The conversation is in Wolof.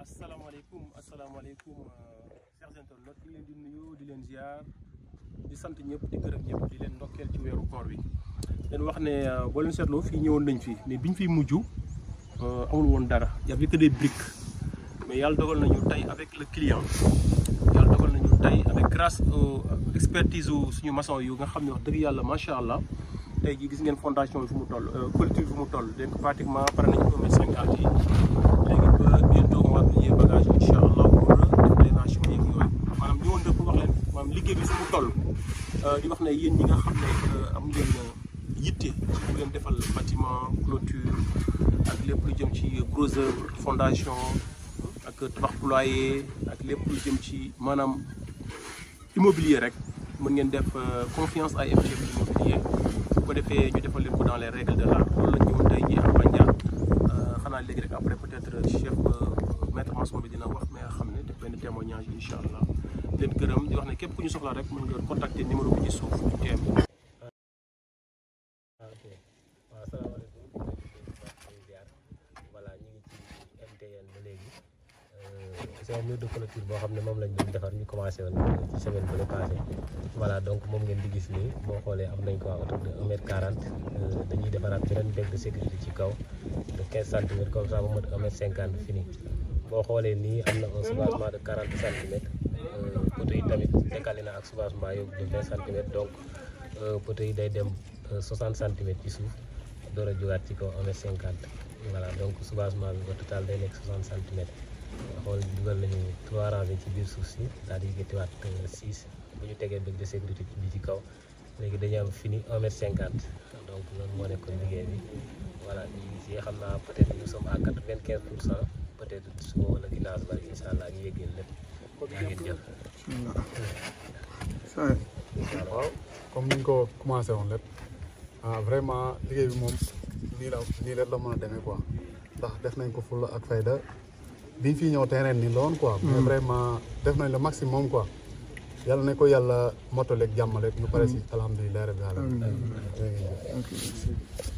alaykoum asalaamaaleykum alaykoum euh, chers internautes di leen di nuyu di len ziar di sant ñep di gërëm ñep di len ndokkel ci wëru koor bi euh, leen wax né bo len sétlo fi ñëwon nañ fi mais biñ fi muju euh amul won dara y avait des briques mais yalla dogal nañu tay avec le client yalla dogal nañu tay avec grâce euh, expertise suñu maçon yu nga xamni ne wax dëgg yàlla macha allah tey jii gis ngeen fondation bi fu mu toll culture fu mu toll donc pratiquement pare nañu 1 50 cinquante yi ba bientôt yee bagage incha allah pour rénovation yeeg yooyu maanaam ñëwoon na pour wax leen manam liggéey bi fu toll euh di wax né yeen ñi nga xamné ne euh, am ngeen yitte bu leen defal bâtiment clôture ak lépp lu jëm ci gros œuvre fondation ak tabax ployer ak lépp lu jëm ci manam immobilier rek mën ngeen def euh, confiance ay FGM immobilier bu ko défé ñu defal leen ko dans les règles de l'art loolu la ñu ñëwoon tay ñi à Bandia euh, xanaa léegi rek après peut-être chef maître Mansour bi dina wax mais xam ne def benn témoignage incha allah leen gërëm di wax ne képp ku ñu soxla rek mën nga contacter numéro bi ci suuf ci teem ah, euh, c'est un mur de clôture boo xam ne moom lañ defar ñu commencé woon ci semaine bu la passé donc moom ngeen di gis nii boo xoolee am nañ ko à hauteur de 1 mètre 40 euh, dañuy defaraat beneen bec de sécurité ci kaw de 15 centimètres comme ça ba mot 1 mètre 50 boo xoolee nii am na un soubassement de 40 centimètres euh, poteau yi tamit décalé na ak soubassement yóbbu de 20 centimètres donc euh, poteau yi day dem 60 euh, centimètres ci suuf door a jógaat ci kaw 1 mètre donc soubassement bi au total day nekk 60 centimètres xool dugal nañu 3 ci biir suuf si daal di yëkkatiwaat 6 bu ñu tegee bëgg de sécurité bi ci kaw léegi dañu am fini 1 mètre 50 donc loolu moo nekk liggéey bi voilà ñu xam naa peut-être nous sommes à 95 pour cent. peut-être suba wala ginnaaw bari incha allah ñu yëg leen waaw comme ni ñu ko commencé woon lépp ah vraiment liggéey bi moom nii la nii la mën a demee ko ndax def nañ ko fulla ak fayda biñ fi ñëw terrain nii la woon quoi. Hmm. mais vraiment def nañ le maximum quoi. yàlla ne ko yàlla motaleeg jàmmaleeg ñu pare si hmm. alhamdulilah rabbil alamin hmm.